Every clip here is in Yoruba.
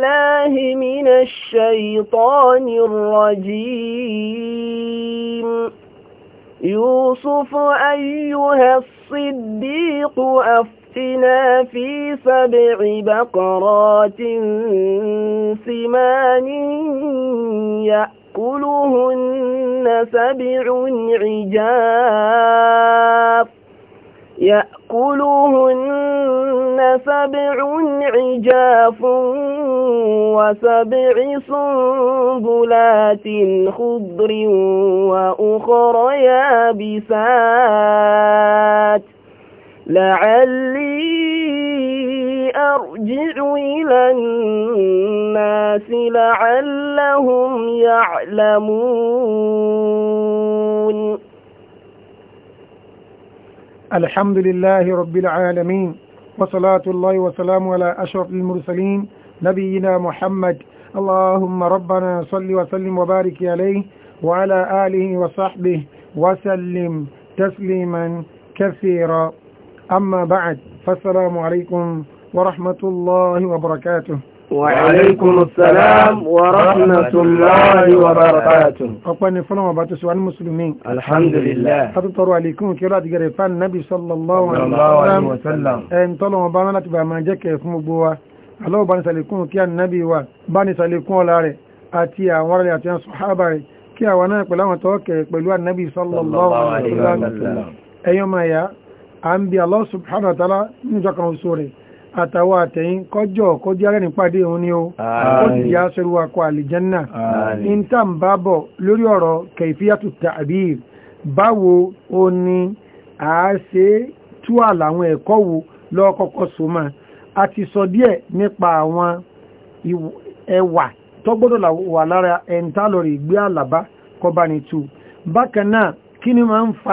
بالله من الشيطان الرجيم يوسف أيها الصديق أفتنا في سبع بقرات سمان يأكلهن سبع عجاب يأكلهن سبع عجاف وسبع سنبلات خضر وأخر يابسات لعلي أرجع إلى الناس لعلهم يعلمون الحمد لله رب العالمين وصلاة الله وسلام على أشرف المرسلين نبينا محمد اللهم ربنا صل وسلم وبارك عليه وعلى آله وصحبه وسلم تسليما كثيرا أما بعد فالسلام عليكم ورحمة الله وبركاته وعليكم السلام ورحمة الله وبركاته أقوان الفلام وباتس المسلمين الحمد لله أتطروا عليكم كيرا تقري فان النبي صلى الله عليه وسلم إن طلوا بانا لتبع ما جاك يفهم الله باني سالكم كي النبي و باني سالكم لاري أتيا ورلي أتيا صحابة كي أوانا يقول لهم توقع يقولوا النبي صلى الله عليه وسلم أيما يا أنبي الله سبحانه وتعالى نجاك رسوله atawo àtẹ̀yìn kọjọ́ kọjọ́ alẹ́ nípàdé òun ni ó ó sẹ́rù akọ àlìjẹ́nà ní lórí ọ̀rọ̀ kẹfíyàtù ta'bir báwo o ni a ṣe tú àlàwọn ẹ̀kọ́ wo lọ́kọ́kọ́ a ti sọ díẹ̀ nípa àwọn ẹwà tó la wà lára ẹ̀ntálọ̀rì gbé àlàbá kọba tu bákan kí ni máa ń fa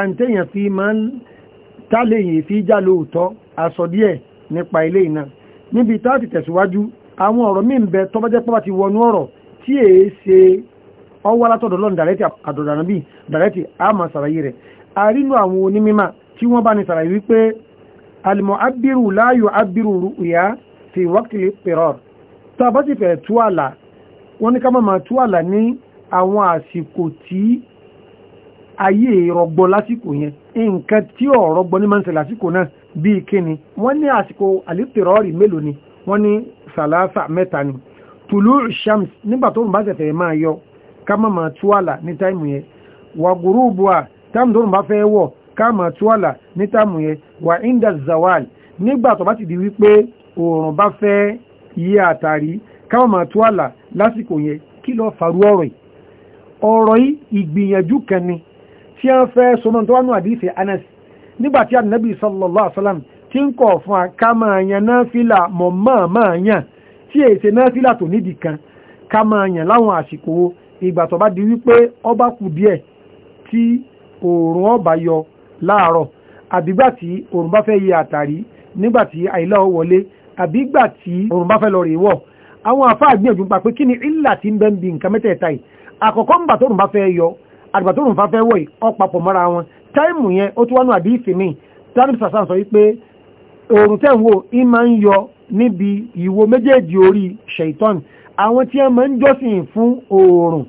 fi máa ń tálẹ̀yìn fi lóòótọ́ àsọdíẹ̀ nípa ilé iná níbi táàtì tẹ̀síwájú àwọn ọ̀rọ̀ míì ń bẹ tó bá jẹ́ pé bá ti wọnú ọ̀rọ̀ tí èé ṣe ọwọ́ látọ̀dọ̀ lọ́nà dàrẹ́tì àdọ̀dànà bíi dàrẹ́tì àmà sàlàyé rẹ̀ àrínú àwọn onímímà tí wọ́n bá ní sàlàyé wípé alìmọ̀ abiru láàyò abiru rúkúyà fi wákìlì pẹ̀rọ̀ tó a bá sì fẹ̀ tú àlà wọ́n ní ká máa tú àlà ní àwọn àsìkò tí ayé rọgbọ lásìkò yẹn nǹkan tí ò rọgbọ ní máa ń ṣe lásìkò náà bíi kíni wọ́n ní àsìkò àlítìrọ́ọ̀rì mélòó ni wọ́n ní sàlásà mẹ́ta ni tùlù shams nígbà tó ń bá tẹ̀fẹ̀ máa yọ ká má máa tú àlà ní táìmù yẹn wà gùrúùbù à táìmù tó ń bá fẹ́ wọ̀ ká máa tú àlà ní táìmù yẹn wà inda zawal nígbà tó bá ti di wípé oòrùn bá fẹ́ yí àtàrí ká máa tú lásìkò yẹn kí ló farú ọ̀rọ̀ yìí ọ̀rọ̀ yìí ìgbìyànjú kan ni tí wọ́n fẹ́ sọmọ́ tó wà nù àdìsẹ́ Anas nígbàtí ànábì sallallahu alaihi wasallam tí ń kọ̀ fún akámọ̀ àyàn náfìlà mọ̀mọ́ọ̀mọ́ àyàn tí èsè náfìlà tó nídìí kan kámọ̀ àyàn láwọn àsìkò ìgbà tó bá di wípé ọba kù díẹ̀ tí òòrùn ọba yọ láàárọ̀ àbígbà tí òòrùn bá fẹ́ yẹ àtàrí nígbà tí àìlà ó wọlé àbígbà tí òòrùn bá fẹ́ lọ rèé wọ̀ àwọn àfáà gbìyànjú pa pé kí ni ìlà tí ń bẹ́ ń bi nǹkan mẹ́tẹ̀ẹ̀ta yìí àkọ́kọ́ ń bà bá fẹ́ yọ àdìgbà tóòrùn wọ̀ yìí papọ̀ mọ́ra wọn táìmù yẹn ó tún wá nù àdíìsì mi tánàbí sàṣà sọ wípé oòrùn tẹ̀wò ń máa ń yọ níbi ìwo méjèèjì orí ṣèitán àwọn tí wọ́n máa ń jọ́sìn fún oòrùn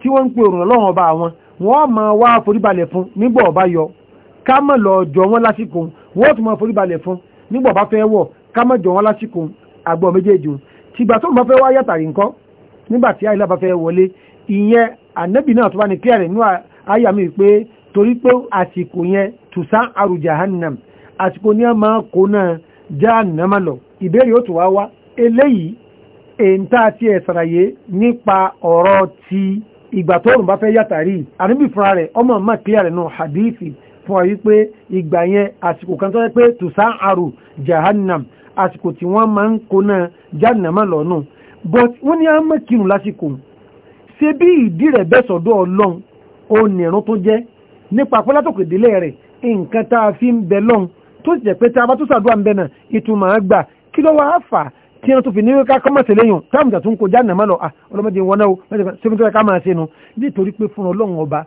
tí wọ́n ń pe oòrùn lọ́wọ́ ọba àwọn wọ́n máa wá foríbalẹ̀ fún nígbà ọba yọ ká mọ̀ lọ jọ wọ́n lásìkò wọ́n tún máa foríbalẹ̀ fún nígbà ọba fẹ́ wọ̀ ká mọ̀ jọ wọ́n lásìkò àgbọ̀ méjèèjì tìgbà tó ń bá fẹ́ wá yàtàrí nǹkan nígbà tí àìlà bá wọlé ìyẹn ànẹ́bì náà tó bá ní kílẹ̀ nínú àyà pé torí pé àsìkò yẹn tùsá àrù jahannam àsìkò ní a máa kó náà jahannama lọ ìbéèrè ó tù wá wá eléyìí èntà àti ẹ̀sàràyé nípa ọ̀rọ̀ ti ìgbà tó rùn bá fẹ́ yàtàrí àníbì fúnra rẹ̀ ọmọ mọ́ kílẹ̀ rẹ̀ nù hadithi fún ọ wípé ìgbà yẹn àsìkò kan tó yẹ pé tùsá àrù jahannam àsìkò tí wọ́n máa ń kó náà jahannama lọ nù but wọ́n ní a mọ́ kírun lásìkò ṣe bí ìdí rẹ̀ bẹ́sọ̀dọ̀ ọlọ́run ó nìrún tó jẹ́ nípa àpọ́látòkè délé rẹ̀ nǹkan tá a fi ń bẹ lọ́hùn tó sì jẹ́ pé tá a bá tó sàdúrà ń bẹ náà ìtumọ̀ á gbà kí ló wá fà á tí wọ́n tún fi ní ká kọ́mọ̀ tẹ̀lé yùn táwọn ìjà tún kọjá nàmọ́ lọ ah, ọlọ́mọdé wọn náà sẹ́mi tó yẹ ká máa ṣe nu nítorí pé fún ọlọ́run ọba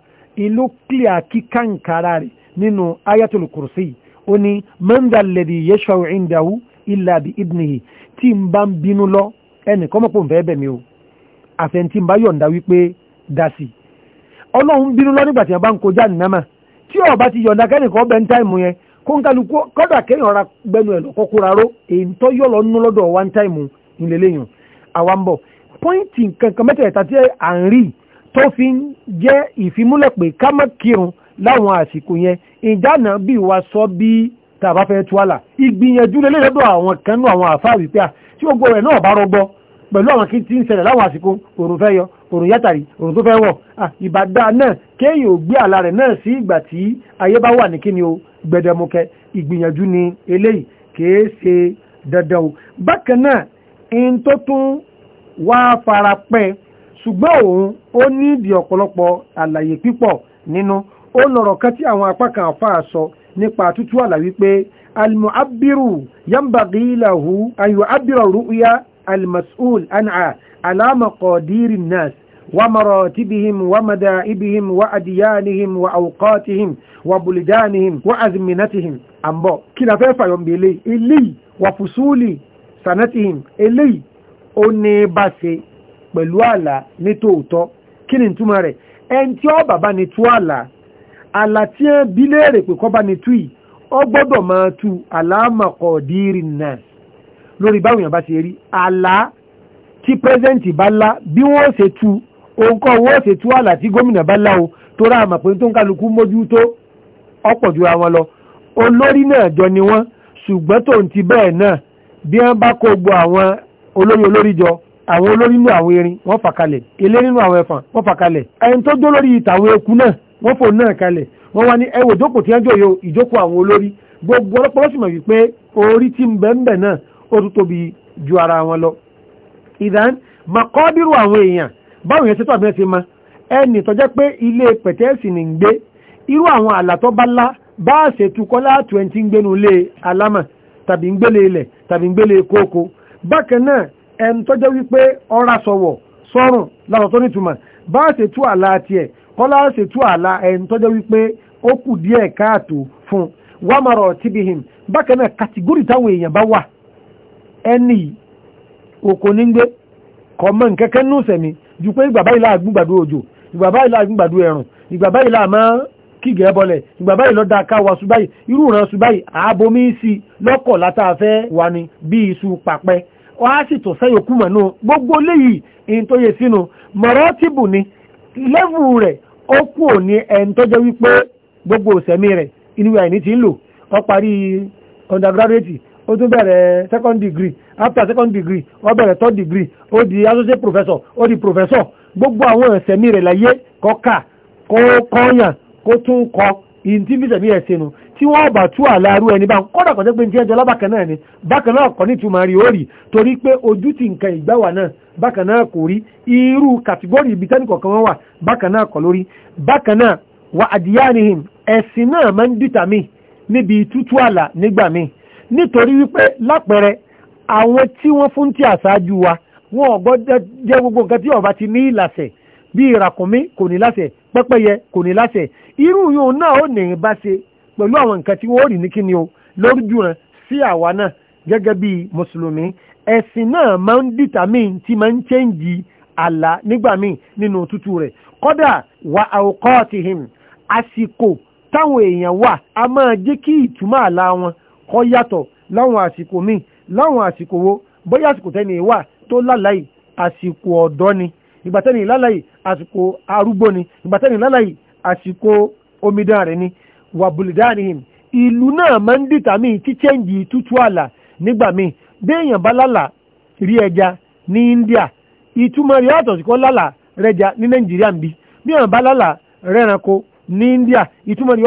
ìlú kílíà kíkàǹkàrà rẹ̀ nínú ayatul kursi ó ní mẹ́ńdà lẹ́dí yẹ́sọ̀ ìdáwó ilà ibnihi tí n bá ń bínú lọ ẹnì kọ́mọ̀pọ̀ nfẹ́ bẹ̀ mi o àfẹ́ntì n bá yọ̀ǹda wípé dasi ọlọ́run bínú lọ nígbà tí a bá ń kọjá nìyàmà tí ọba ti yọ̀ǹda kẹ́nìkan ọbẹ̀ ń táìmù yẹn kó ń kálukú kọ́dà kéèyàn ra gbẹnu ẹ̀ lọ́kọ́ kóra ró èyí tó yọ̀ lọ nínú lọ́dọ̀ one time ìlélẹ́yìn àwa ń bọ̀ pọ́ìntì kankan mẹ́tẹ̀ẹ̀ta tí à ń rí tó fi ń jẹ́ ìfimúlẹ̀ pé ká má kírun láwọn àsìkò yẹn ìdáná bí wa sọ bí tàbá fẹ́ tú ìgbìyànjú lélẹ́dọ̀ àwọn kan òrùn yátàrí òrùn tó fẹ́ wọ̀ ìbàdá náà kéèyàn ò gbé àlà rẹ̀ náà sí ìgbà tí ayé bá wà ní kíni o gbẹdẹmukẹ ìgbìyànjú ni eléyìí kìí ṣe dandan o bákan náà in tó tún wá fara pẹ́ ṣùgbọ́n òun ó ní ìdí ọ̀pọ̀lọpọ̀ àlàyé pípọ̀ nínú ó lọ̀rọ̀ kan tí àwọn apá kan àfáà sọ nípa tútú àlà wípé almu'abbiru yambagi lahu an yu'abbira ru'ya almas'ul an'a ala maqadiri nas ومراتبهم ومدائبهم وأديانهم وأوقاتهم وبلدانهم وأزمنتهم أمبو كلا فيفا يوم بيلي إلي وفصول سنتهم إلي أني باسي بلوالا نتوتو كنين تماري ẹntí ọ bàbá ni tú àlà àlà tí ẹ bí léèrè pé kọ́ bá ni tú yìí ọ gbọ́dọ̀ máa tú àlàámàkọ̀ dìírì náà lórí báwọn èèyàn bá ṣe rí àlà tí pẹ́sẹ́ǹtì bá lá bí wọ́n ṣe tú òǹkọ́ owó ọ̀sẹ̀ tú àlà tí gómìnà bá láwo tó rà àmà pé tó ń kálukú ọ̀pọ̀ ju àwọn lọ olórí náà jọ ni wọ́n ṣùgbọ́n tó ń ti bẹ́ẹ̀ náà bí wọ́n bá kó olori àwọn olórí olórí jọ àwọn olórí nínú àwọn erin wọ́n fà kalẹ̀ ilé nínú àwọn ẹ̀fọn wọ́n fà kalẹ̀ ẹni tó eku náà wọ́n fò náà kalẹ̀ wọ́n wá ní ìjókòó tí wọ́n gbogbo ọlọ́pọ̀lọ́ sì mọ̀ wípé orí tí ń ń náà ó tún tóbi ju ara wọn lọ. ìdán báwọn yẹn ṣe tó àbí ẹsẹ̀ ma ẹni tó jẹ́ pé ilé pẹ̀tẹ́ẹ̀sì ni ń gbé irú àwọn àlàtọ́ bá a ṣe ẹni tí ń gbénu ilé alámà tàbí ń gbélé ilẹ̀ tàbí ń gbélé kókó bákan náà ẹni tó jẹ́ wípé ọ̀rá sọ̀wọ̀ sọ́rùn lọ́sọ̀ tó nítumọ̀ bá a àlà tiẹ̀ kọ́lá ṣe tú àlà ẹni tó jẹ́ wípé ó kù fún wàmọ̀rọ̀ tibihim bákan náà táwọn èèyàn bá wà ẹni òkò ní gbé ju pé ìgbàbá ìlà láàgbùn òjò ìgbàbá ìlà láàgbùn ẹ̀rùn ìgbàbá ìlà láàmọ́ kígẹ̀ bọ́lẹ̀ ìgbà báyìí lọ́dà káwa ṣùgbáyìí irú ìran sí lọ́kọ̀ látàfẹ́ wa bí iṣu pàpẹ́ á sì náà gbogbo léyìí in ni rẹ̀ ó gbogbo òsẹ̀mí rẹ̀ inú ẹ̀ ti ń lò parí undergraduate ó tún after second degree ó third degree ó di associate professor ó di professor gbogbo àwọn ẹ̀sẹ̀mí rẹ̀ láyé kọ́kà kọ́ọ̀yàn kó tún kọ ìntí bí sẹ̀mí ẹ̀sẹ̀ nu tí wọ́n bá tú àlàrú ẹni bá ń kọ́dà kọ́jẹ́ pé ní ẹjọ́ lábàkan náà ni bákan náà kọ́ ní ìtumọ̀ rí ó rí torí pé ojú ti nǹkan ìgbàwà náà bákan náà kò rí irú kàtígórì ibi tẹ́nì kọ̀ọ̀kan wọn wà bákan náà kọ́ lórí bákan náà wà àdìyánihìn ẹ̀sìn náà máa ń dìtà mí níbi tútú àlà nígbà mí nítorí wípé lápẹẹrẹ àwọn tí wọ́n fún tí àṣáájú wa wọn ò gbọ́dọ̀ jẹ́ gbogbo nǹkan tí ọba ti ní ìlàsẹ̀ bí ìràkùnmí kò ní láṣẹ pẹ́pẹ́yẹ kò ní láṣẹ irú yòó náà ó ní bá ṣe pẹ̀lú àwọn nǹkan tí wọ́n rí ní kíni o lóríjú rẹ̀ sí àwa náà gẹ́gẹ́ bí mùsùlùmí ẹ̀sìn náà máa ń dìtàmí tí máa ń chẹ́ǹjì àlá nígbà míì nínú tútù rẹ̀ kódà wà awqatihim àsìkò táwọn èèyàn wà a máa jẹ́ kí ìtumọ̀ àlá wọn kó yàtọ̀ láwọn àsìkò míì láwọn àsìkò wo bóyá àsìkò tẹ́ni wà tó lálàyé àsìkò ọ̀dọ́ ni ìgbà tẹ́ni àsìkò arúgbó ni ìgbà tẹ́ni àsìkò omidan rẹ̀ ni ìlú náà máa ń dìtàmí chíchẹ́ǹjì tútù àlà nígbà béèyàn bá lálà rí ẹja ní India ìtumọ̀ rí àtọ̀ lálà ní Nàìjíríà ń bí bá lálà ní India ìtumọ̀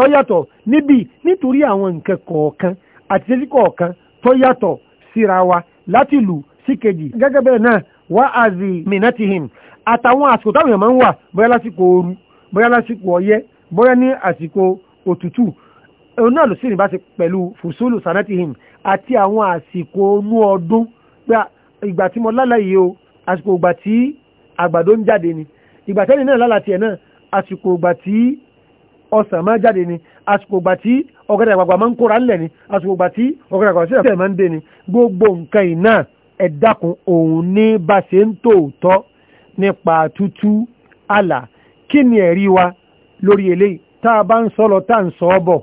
síra wa láti lù sí kejì gẹ́gẹ́ bẹ́ẹ̀ náà wá àzì mìnátìhìn àtàwọn àsìkò táwọn èèyàn máa ń wà bóyá lásìkò ooru bóyá lásìkò ọyẹ́ bóyá ní àsìkò òtútù òun náà ló sì ní bá ti pẹ̀lú fùsùlù sanatihim àti àwọn àsìkò onú ọdún pé ìgbà tí mo lálàyé o àsìkò ìgbà tí àgbàdo ń jáde ni ìgbà tẹ́ni náà lálàtì ẹ̀ náà àsìkò ìgbà tí ọsàn máa jáde ni àsìkògbà tí ọ̀gẹ̀dẹ̀ àgbàgbà máa ń kóra ńlẹ̀ ni àsìkògbà tí ọ̀gẹ̀dẹ̀ àgbàgbà sílẹ̀ máa ń dé ni gbogbo nǹkan iná ẹ̀dákun òun ní bá ṣe ń tòótọ́ nípa tútú àlà kí ni ẹ̀rí wa lórí eléyìí tá a bá ń sọ lọ tá à ń sọ ọ bọ̀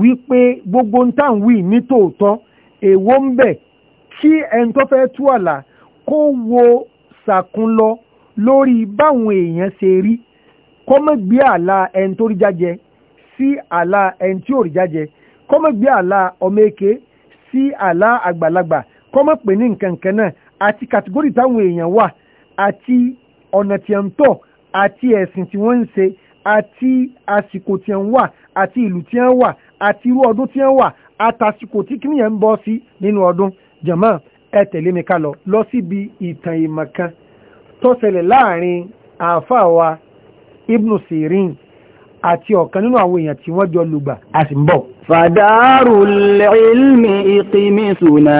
wípé gbogbo tá à ń wí ní tòótọ́ èwo ń bẹ kí ẹni tó fẹ́ tú àlà kó wo sàkún lọ lórí báwọn èèyàn ṣe rí kó àlà ẹni tó rí jájẹ sí àlà ẹni tí ò rí jájẹ kọ́mọ̀ gbé àlà ọmọ èké sí àlà àgbàlagbà kọ́mọ̀ pè ní nkankan náà àti kàtígórì táwọn èèyàn wà àti ọ̀nà tí ń tọ̀ àti ẹ̀sìn tí wọ́n ń ṣe àti àsìkò tí ń wà àti ìlú tí ń wà àti irú ọdún tí ń wà àtàsìkò tí kìnìyàn ń bọ́ sí nínú ọdún jàmáà ẹ tẹ̀lé mi ká lọ lọ síbi ìtàn ìmọ̀ kan tó ṣẹlẹ̀ láàrin àáfàá wa ibnu Sirin àti ọ̀kan nínú àwọn èèyàn tí wọ́n jọ lùgbà a sì ń bọ̀. fàdárù ilmi ìkímí sùnà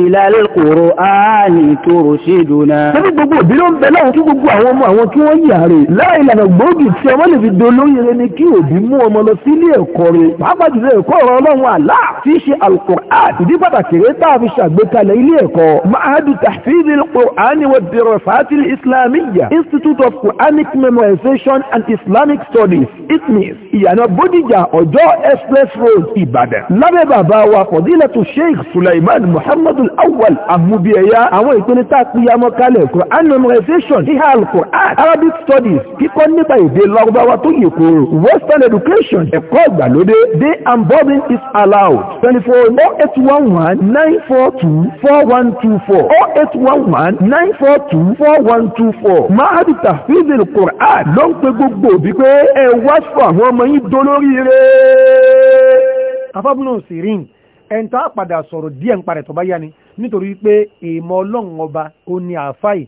ìlàlẹ́ kòrò áàní tó rò ṣe dùnà. Wọ́n ní gbogbo òbí ló ń bẹ láwọn kí gbogbo àwọn ọmọ àwọn tí wọ́n yà rè láì ìlànà gbòógì tí ọmọ lè fi dolóyè rẹ ni kí òbí mú ọmọ lọ sílé ẹ̀kọ́ rẹ̀ pàápàá jùlọ ẹ̀kọ́ ọ̀rọ̀ ọlọ́run àlá tí í ṣe alukur'an ìdí pàtàkì rẹ̀ tá a fi ṣàgbékalẹ̀ ilé ẹ̀kọ́ mahadu institute of quranic memorization and islamic studies itmis ìyànà bódìjà ọjọ́ express road ìbàdàn lábẹ́ bàbá wa fọ̀dílẹ̀ tó sheikh suleiman alfadul awwal àmúbíẹ̀yà àwọn ìpinnu tá a pìyàmọ́ kalẹ̀ Quran memorization híhá al-Quran Arabic studies kíkọ́ nípa èdè lọ́gbàwá tó yẹ kóró Western education ẹ̀kọ́ ìgbàlódé day and bobbing is allowed twenty four oh eight one one nine four two four one two four oh eight one one nine four two four one two four mahadu tafizil Quran ló ń pe gbogbo òbí pé ẹ wá fún àwọn ọmọ yín dolóríire. afábùnà òsì rìn ẹ̀ńtọ́ àpàdà sọ̀rọ̀ díẹ̀ ń parẹ̀ tó bá yá ni nítorí pé ìmọ̀ ọlọ́run ọba ó ní àáfàì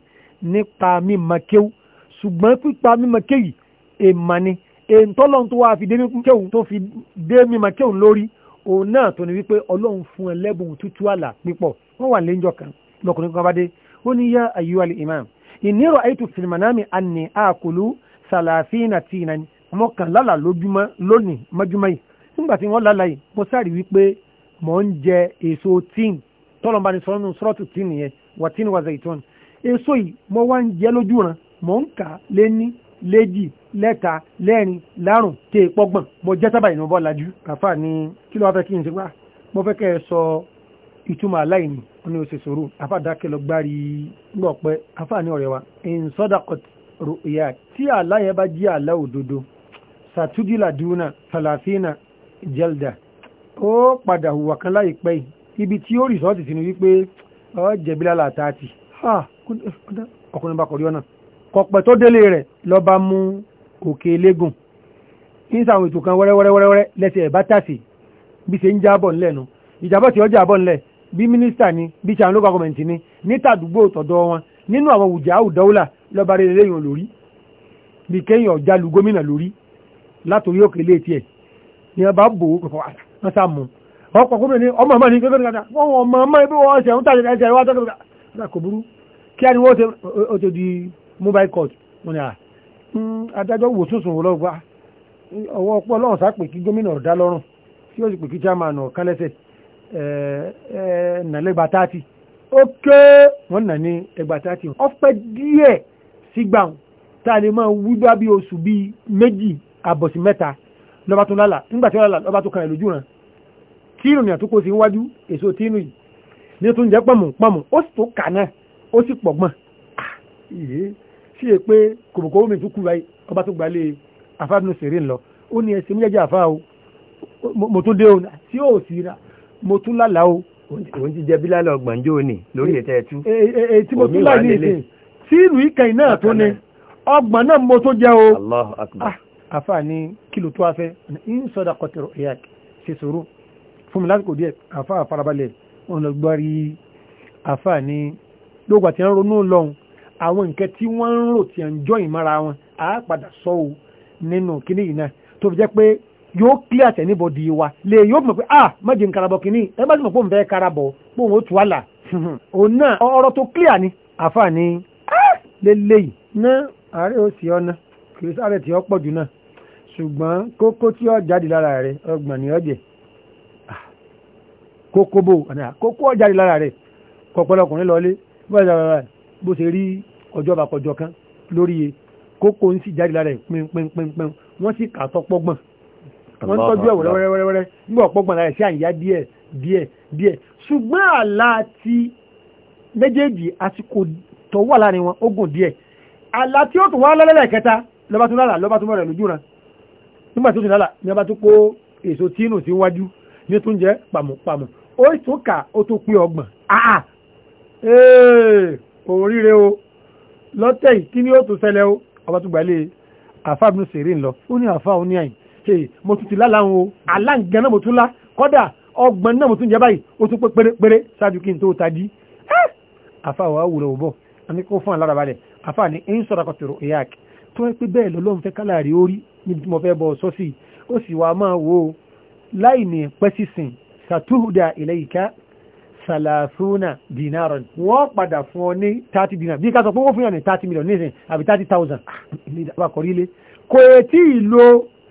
nípa mímọ̀ kéwù ṣùgbọ́n pípa mímọ̀ kéyì èèmọ̀ ni èntọ́ lọ́n tó wá fi dé mímọ̀ kéwù tó fi dé mímọ̀ kéwù lórí òun náà tó ní wípé ọlọ́run fún ẹlẹ́bùn tútù àlà pípọ̀ wọ́n wà léńjọ kan lọkùnrin kan bá dé ó ní yá ayyuhal imam inni ra'aytu fil manami anni àkùlù sàlàfínà tìǹà mọ́kànlá lójúmọ́ lónìí mọ́júmọ́ yìí nígbà tí wọ́n lálàyé mo sáré wípé mò ń jẹ èso tíìn tọ́lọ́mbà ni sọ́nù sọ́ọ̀tù tíìn yẹn wà tíìn wà zaitun èso yìí mo wá ń jẹ lójú ran mò ń kà lẹ́ni léjì lẹ́ta lẹ́rin lárùn tẹ ìpọ́gbọ̀n mo jẹ́ sábà ìnáwó bọ́ lajú kàfà ni kí ló wá fẹ́ kí n ṣe wá mo fẹ́ kẹ́ ẹ sọ ìtumọ̀ aláìní wọn ni ó ṣe sòrò afa dákẹ́ lọ gbárí gbọ́ pé afa ní ọ̀rẹ́ wa in sọ́dàkọ̀t ròyà tí àlá bá jí àlá òdodo dúnà fàlàfínà jẹ́ldà ó padà hùwà kan láìpẹ́ yìí ibi tí ó rìsọ́ọ̀tì sínú wípé ọ jẹ̀bi lálà àtàtì ọkùnrin bá kọ̀rí ọ̀nà kọ̀pẹ̀ tó délé rẹ̀ lọ bá mú òkè légùn ní ètò kan wẹ́rẹ́wẹ́rẹ́wẹ́rẹ́ lẹ́sẹ̀ ẹ̀bá tàsì bí ṣe ń jábọ̀ ńlẹ̀ nu ìjàbọ̀ tí ó jábọ̀ ńlẹ̀ bí mínísítà ni bí ṣe àwọn local government ni níta àdúgbò tọ̀dọ̀ wọn nínú àwọn òjà àwùdáwùlà lọ́ba rẹ̀ lẹ́yìn olórí bí kéèyàn ọ̀já lu gómìnà lórí látòrí òkè létí ni wọn bá bò ó pẹ̀pọ̀ wọ́n sá mú wọ́n pọ̀ gómìnà ní ọmọ ọmọ ní gbẹ́gbẹ́ nígbàdà wọ́n wọ́n mọ ọmọ ibi wọ́n ṣe ń tàjẹ̀ ẹ̀ṣẹ̀ wá tọ́jú nígbà kò burú kí á ní wọ́n ṣe ó ti di mobile court wọn ni à hmm, adájọ́ wò sùsùn lọ́gbà ọwọ́ ọpọ́ lọ́rùn sápè kí gómìnà ọ̀dá lọ́rùn tí ó sì pè kí chairman ọ̀kan lẹ́sẹ̀ nàlẹ́gbà táàtì ó ké wọ́n nà ní ẹgbà táàtì ọ̀pẹ́ díẹ̀ sígbà tá lọ́ba tó lálà nígbà tí lálà lọ́ba tó kan ẹ̀ lójú ràn tíìnù ní àtúkò sí wájú èso tíìnù yìí ní tó ń jẹ́ pọ̀mù pọ̀mù ó sì tó kà náà ó sì pọ̀ gbọ́n ah, ìyé sí è pé kòmòkò omi tó kú ọba tó gbalé afábínú sèré ńlọ ó ní ẹsẹ̀ méjèèjì àfa o mo tún dé o tí ó sì ra mo tún lálàá o. òun ti jẹ bílálà ọgbọ̀njọ́ òní lórí ètò ẹ̀tú. ètí mo tún láì ní ìsìn náà tó ní ọgbọ̀n náà mo tó jẹ́ o. àfa ni kìlò tó a fẹ́ ń sọdọ̀ kọtẹ̀rọ̀ ìyá ṣe sòrò fún mi lásìkò díẹ̀ àfa àfarabalẹ̀ wọn lọ gbárí àfa ní lóògbà tí wọ́n ronú lọ́hùn àwọn nǹkan tí wọ́n ń rò tí ń jọ ìmọ̀ra wọn á padà sọ ò nínú kíní yìí náà tó fi jẹ́ pé yóò clear àtẹnibọ̀dì wa lè yóò mọ̀ pé ah mọ̀jẹ̀ nkarabọ̀ kíní ẹ bá ti mọ̀ pé òun fẹ́ karabọ̀ pé òun ó tu àlà ọ̀rọ̀ tó clear ni àfa ni lélẹ́yìí náà àárẹ̀ ó sì ọ̀nà kìrìsìtà rẹ̀ tí ó pọ̀ jù náà ṣùgbọ́n kókó tí kókó bò kókó ọjà rí lára rẹ̀ kọ̀pọ̀lọkùnrin lọlé bó ṣe rí ọjọ́ bàkọjọ kan lórí e kókó ń sì jáde lára ẹ̀ pínpínpínpín wọ́n sì kà á tọ́pọ́gbọ̀n wọ́n tọ́jú ẹ̀wọ̀ rẹ́wẹ́rẹ́wẹ́rẹ́ nígbà ọ̀pọ̀gbọ̀n lára ẹ̀ sí àyíyá díẹ̀ díẹ̀ díẹ̀ ṣùgbọ́n àlá ti méjèèjì àsìkò tó wà láàrin wọn ogun díẹ̀ àlá tí ó tún wá lálẹ́ kẹta lọ́ba tó lálà lọ́ba tó mọ̀rẹ̀ lójú ran nígbà tó tún lálà ní ọba tó kó èso tínú sí wájú ní tún jẹ́ pàmùpàmù ó tún kà ó tún pín ọgbọ̀n àà òun ríre o lọ́tẹ̀ yìí kí ni ó tún ṣẹlẹ̀ o ọba tó gbalẹ̀ àfa mi sì rí ń lọ ó ní àfa òun ní àyìn mo tún ti láláhùn o aláǹgẹ náà mo tún lá kọ́dà ọgbọ̀n náà mo tún jẹ báyìí ó tún pé pérépéré ṣáájú kí n tó tají ah! àfa wa wùrọ̀ òbọ̀ àní kó fún àlára balẹ̀ àfa ni ń sọ̀rọ̀ kọ̀tìrò ìyá kí tó ń pé bẹ́ẹ̀ lọ́lọ́run fẹ́ kálá rí orí níbi tí mo fẹ́ bọ́ sọ́sì ó sì wá máa wò ó láì ní pẹ́ sàtúhùdà إليك ثلاثون دينارا. dìnàrọ̀ wọ́n padà fún ọ ní 30 dìnàrọ̀ bí ká sọ pé wọ́n fún yàn ní 30 million nísìn àbí 30,000 ní ìjàmbá kọrí ilé kò tí ì lo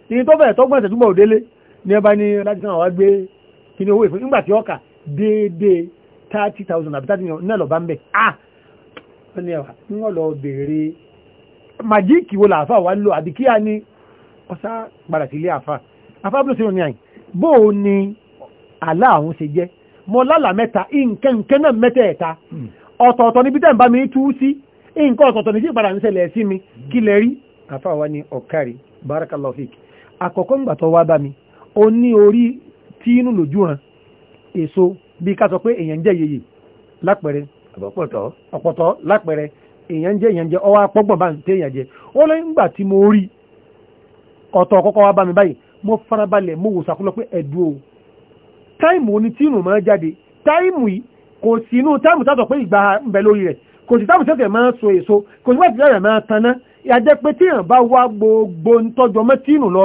iye tó bẹ̀rẹ̀ tọ́gbọ̀n ìṣẹ̀túnbọ̀ òdélé ní ẹba ní láti náà wá gbé kí ni owó ìfún nígbà tí ó kà déédéé 30,000 àbí 30 million náà bá ń bẹ̀ ah wọ́n ní ẹ̀wà ń wọ́n lọ bèèrè màjíìkì wo làáfà wá lò àbí kí a ọ̀sá padà ilé àfà àfà bí ó ṣe rìn ní àyìn bóò ni àlá àwọn ṣe jẹ́ mo lálà mẹ́ta nke náà mẹ́tẹ̀ẹ̀ta hmm. ọ̀tọ̀ọ̀tọ̀ níbi tẹ́ ń bá mi tú sí nǹkan ọ̀tọ̀ọ̀tọ̀ ìpadà ń sí mi hmm. kí lẹ rí. àfàwa ni ọ̀kárì barakallahu fik àkọ́kọ́ ńgbà tó wá bá mi ó ní orí tí inú lòjú hàn èso bíi ká sọ pé èèyàn ń jẹ́ yeye lápẹẹrẹ ọ̀pọ̀tọ̀ ọ̀pọ̀tọ̀ èèyàn èèyàn ọwọ́ apọ́gbọ̀n bá táìmù oní tí ìrùn máa jáde táìmù yìí kò sí inú táìmù tàbí pé ìgbà lórí kò sí táìmù máa so èso kò sí wáìtì tẹ́tẹ̀ máa taná ìyájẹ́ pé tí èèyàn bá wá gbogbo ń tọ́jú ọmọ tí ìrùn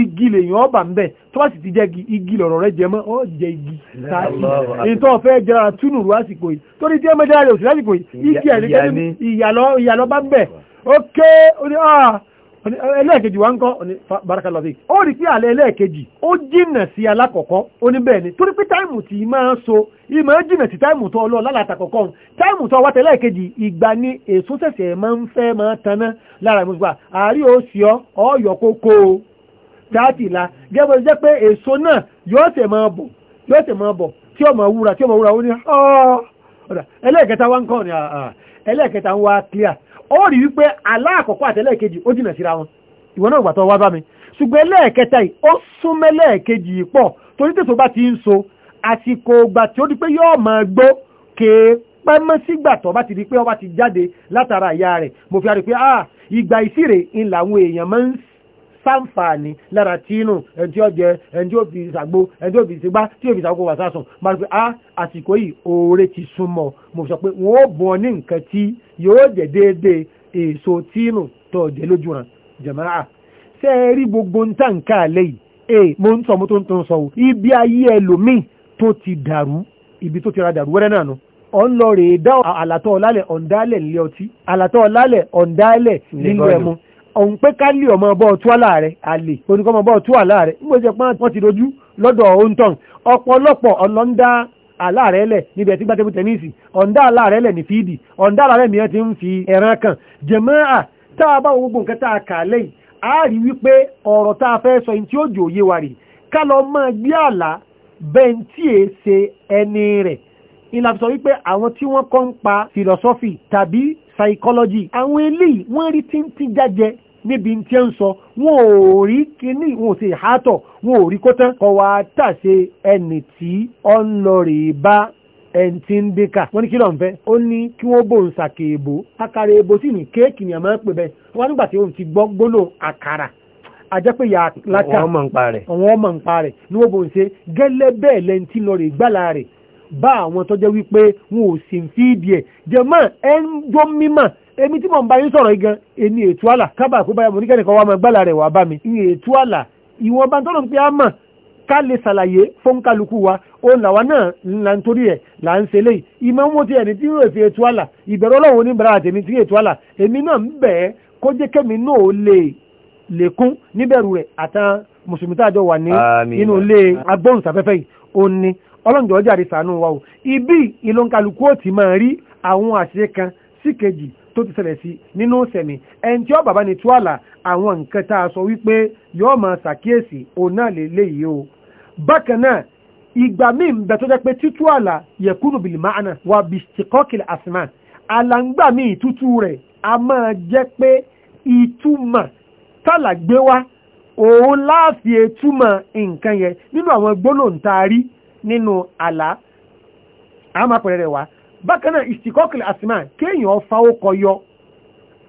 igi lèèyàn ọba ń tó bá sì ti jẹ igi lọ̀rọ̀ rẹ jẹ ọ jẹ igi jẹrà túnú rú àsìkò yìí torí tí òsì lásìkò yìí Eh, ẹlẹ́ẹ̀kejì wa ń kọ́ ọ̀ní barakalafi ó rí pé àlẹ́ ẹlẹ́ẹ̀kejì ó jìnà sí alákọ̀ọ́kọ́ ó ní bẹ́ẹ̀ ni torí pé táìmù tí máa so ìmọ̀ jìnà sí táìmù tó ọlọ́ lálàtà kọ̀ọ̀kan táìmù tó wá tẹ́lẹ̀ kejì ìgbà ni èso ṣẹ̀ṣẹ̀ máa ń fẹ́ máa taná lára ìmọ̀ gbà àárí ó sì ọ́ ọ̀yọ̀ kókó táàtì la gẹ́gẹ́ jẹ́ pé èso náà yóò tẹ̀ máa bọ̀ yóò tẹ̀ máa bọ̀ tí ó máa wúra tí ó wúra ó ní ẹlẹ́ẹ̀kẹta wá ń kọ́ ni ẹlẹ́ẹ̀kẹta wá clear ó rí wípé aláàkọ́kọ́ àtẹ́lẹ́ẹ̀kejì ó jìnà síra wọn ìwọ náà gbàtọ̀ wá bá mi ṣùgbọ́n ẹlẹ́ẹ̀kẹta yìí ó súnmọ́ ẹlẹ́ẹ̀kejì pọ̀ torí tètò bá ti ń so àsìkò ìgbà tí ó di pé yóò máa gbó kéé pẹ́mọ́ sígbà tó bá ti di pé ó ti jáde látara ìyá rẹ̀ mo fi àrí pé ah ìgbà ìsírè ń làwọn èèyàn máa ń sáǹfààní lára tínú ẹni tí ó jẹ ẹni tí ó fi ìsàgbó ẹni tí ó fi ìsìgbá tí ó fi ìsàgbó wà sásùn máa fi á ah, àsìkò yìí oore ti súnmọ́ mo sọ pé wọn ó bọ ní nǹkan tí yóò jẹ déédéé èso tínú tó jẹ lójú ràn jẹmọ́ra ṣe é rí gbogbo ń tàn ká àlẹ́ yìí ee mo ń sọ mo tó ń tó ń sọ o ibi ayé ẹlòmíì tó ti dàrú ibi tó ti ra dàrú wẹ́rẹ́ náà nu ọ̀nlọ́rẹ̀ẹ́dá àlàtọ̀ ọ̀lálẹ̀ ọ̀ndálẹ̀ nílé ọtí àlàtọ̀ ọ̀lálẹ̀ ọ̀ndálẹ̀ nílùú ẹ̀mú ọ̀hún pé ká lè ọmọ ọbọ̀ tú àláàrẹ àlè oníkọ́mọ ọbọ̀ tú àláàrẹ ń gbèsè pọ́n wọ́n ti dojú lọ́dọ̀ ohuntàn ọ̀pọ̀lọpọ̀ ọ̀nà ń dá àláàrẹ lẹ̀ níbi ẹ̀tí gbàtẹ́kù tẹ́nísì ọ̀ǹdá àláàrẹ lẹ̀ ní fíìdì ọ̀ǹdá àláàrẹ mìíràn ti ń fi ẹran kan jẹ̀mọ́à tá a bá gbogbo nǹkan tá a kà lẹ́yìn a rí wípé ọ̀rọ̀ tá a fẹ́ sọ yìí tí ó jò yé wa rè ká lọ máa gbé àlá bẹ́ẹ̀ tí è ṣe ẹni rẹ̀ ìlànà sọ wípé àwọn tí wọ́n kọ́ ń pa philosophy tàbí psychology àwọn eléyìí wọ́n rí tíntín jájẹ níbi tí ó ń sọ wọn ò rí kíní wọn ò sì hátọ̀ wọn ò rí kó tán kọ̀ wá tàṣe ẹnì tí ọ ń lọ rèé bá ẹn tí ń dínkà wọ́n ní kí ló ń fẹ́ ó ní kí wọ́n bò ń sàkè èbó àkàrà èbó sì ní kéèkì ni àmọ́ pè bẹ́ẹ̀ wọ́n nígbà tí òun ti gbọ́ gbólóhùn àkàrà àjẹpẹ́ ìyá lákà àwọn ọmọ ń pa rẹ̀ ni wọ́n bò ń ṣe gẹ́lẹ́ bẹ́ẹ̀ lẹ́ni bá àwọn tó jẹ́ wípé wọn ò sì ń fi ìdí ẹ̀ jẹ́mọ́ ẹ ń jó mímọ̀ èmi tí mò ń bá yín sọ̀rọ̀ yìí gan èmi ètò àlà kábà kó báyà mo ní kẹ́nìkan wá máa gbàlà rẹ̀ wá bá mi ìyẹn ètò àlà ìwọ̀n bá ń tọ́nà pé á mọ̀ ká lè ṣàlàyé fún wa ó làwa náà la nítorí ẹ̀ là ń ṣe léyìí ìmọ̀ ń wo ti ẹni tí yóò fi ètò àlà ìbẹ̀rù ọlọ́run oníbàárà tèmi ti ètò àlà èmi náà ń bẹ̀ ẹ́ kó jẹ́ kẹ́mi náà lè lékún níbẹ̀rù rẹ̀ àtàn mùsùlùmí táàjọ wà ní inú ilé agbóhùnsáfẹ́fẹ́ yìí ó ní ọlọ́njọ́ ọjà rí sànú wa o ibi ìlọ́nkálukú ò ti máa rí àwọn àṣìṣe kan sí kejì tó ti ṣẹlẹ̀ sí nínú sẹ̀mí ẹni tí ó bàbá ni túàlà àwọn nǹkan tá a sọ wípé yóò máa ṣàkíyèsí òun náà lè léyìí o bákan náà ìgbà míì ń bẹ tó jẹ́ pé títú àlà bìlì máàna wà bìstíkọ́kìlì àsìmá àlàǹgbà míì tútú rẹ̀ a máa jẹ́ pé ìtumọ̀ tálà òun láàfin ìtumọ̀ nǹkan yẹn nínú àwọn gbólóǹtarí nínú àlá a máa pẹ̀rẹ̀ wá bákan kéèyàn fa ókọ yọ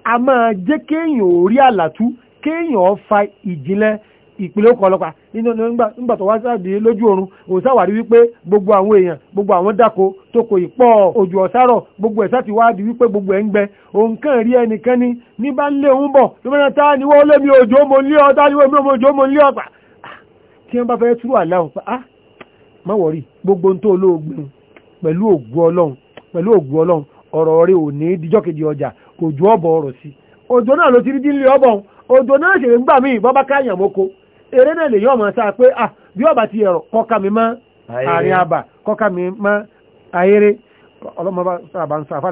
a máa jẹ́ kéèyàn rí àlàtú kéèyàn fa ìjìnlẹ̀ ìpínlẹ̀ ọkọ̀ ọlọ́pàá nínú nígbà tó wá sáàdì lójú oorun wípé gbogbo àwọn èèyàn gbogbo àwọn tó kò òjò ọ̀sárọ̀ gbogbo ẹ̀ sáti wá di wípé gbogbo ẹ̀ ń gbẹ rí ẹnìkan ní ní bá ń lé òun má wọ̀rí gbogbo ń tó olóògbé pẹ̀lú ògùn ọlọ́run pẹ̀lú ògùn ọlọ́run ọ̀rọ̀ rẹ ò ní díjọ́ kejì ọjà òjò ọ̀bọ̀ ọ̀rọ̀ sí òjò náà ló ti rí dílé ọ̀bọ̀ òjò náà ṣèlè ń gbà mí ìbọn bá káyàn mọ́kó eré náà lèyàn ọmọ sáà pé à ah, bí ọba ti ẹ̀rọ kọ́ka mi mọ́ àárín àbà kọ́ka mi mọ́ ayére ọlọ́mọba sábà ń sáfà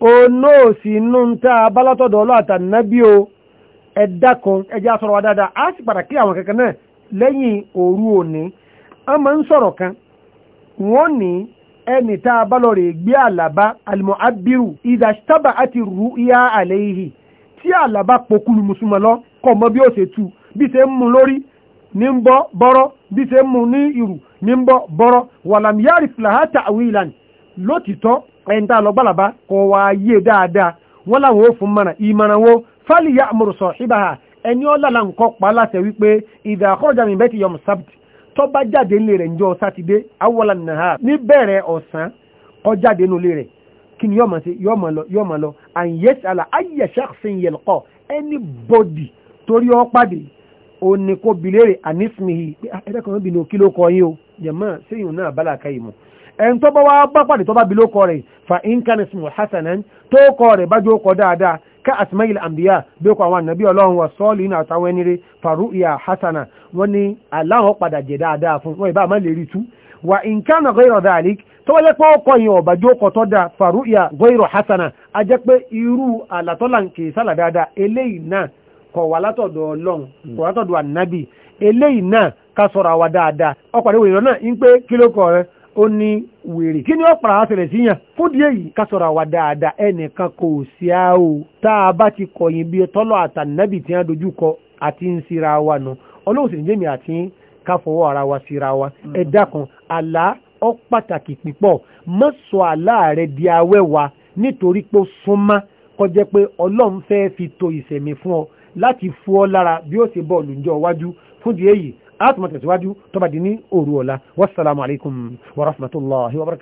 ono sì nú ń tá a bálátọ̀dọ̀ ọlọ́ àtànábí o ẹ̀dá kan sọ̀rọ̀ a sì àwọn kankan náà lẹ́yìn òru òní máa ń sọ̀rọ̀ kan wọ́n ní ẹni tá a bá lọ rè gbé àlàbá abiru ìdá sábà àti rú ìyá àlẹ́ yìí tí àlàbá pokùlù mùsùlùmọ̀ lọ kọ̀ mọ́ bí ó tu bí ṣe ń mu lórí ní ń bọ́ bọ́rọ́ bí ṣe ń mu ní ìrù ẹni tá a lọ gbàlàbá kò wá yé e dáadáa wọ́n láwọn ó fún mọ̀ràn ìmọ̀ràn wo fálì yá àmúrò sọ ẹni mbeti yom nǹkan pa láṣẹ wípé ìdá àkọ́jà mi bẹ́ẹ̀ ti sábìtì tó bá jáde nílé rẹ̀ njọ́ sátidé awọ́lá ni mọ̀ sí lọ lọ and yes ala ayé ṣàkṣin ẹni tó bá wá bá pàdé tó bá bí lókọ rẹ̀ fa inkani ismu hasanan tó kọ rẹ̀ bá jókọ dáadáa ká asmail ambiya bí kọ àwọn ànàbí ọlọ́run wa sọ́ọ̀lì iná àtàwọn ẹni rẹ̀ faru iya hasana wọ́n ní aláwọn padà jẹ dáadáa fún wọn ìbá má lè rí tú wa inkana ghayra dhalik tó wáyé pé ó kọ yẹn ọ̀bà jókọ tó da faru iya ghayra hasana a jẹ́ pé irú àlàtọ́là kì í sálà dáadáa eléyìí náà kọ̀ wà látọ̀dọ̀ ọlọ́run kọ̀ látọ̀dọ̀ ànàbí eléyìí ọkọ̀ àdéhùn náà ń pé kílókọ̀ rẹ̀ ó ní wèrè kí ni ó pàrà àṣẹlẹ̀ sí yàn fún díẹ̀ yìí ká sọ̀rọ̀ àwa dáadáa ẹnìkan kò sí a o tá a bá ti kọ̀yìn bí tọ́lọ̀ àtànábì tí wọ́n dojú kọ àti ń síra wa nù ọlọ́run sì ní jẹ́mi àti ká fọwọ́ ara wa síra wa ẹ dákun àlá ó pàtàkì pípọ̀ mọ́ sọ àlá rẹ di awẹ́wa nítorí pé ó súnmọ́ kọjá pé ọlọ́run fẹ́ fi to ìṣẹ̀mí fún ọ láti fún lára bí ó ṣe bọ́ọ̀lù níjọ́ iwájú fún díẹ̀ yìí a tún mọ̀ tẹ̀síwájú tó bá di ní òru ọ̀la wassalamu alaikum wa rahmatullahi wa barakatuh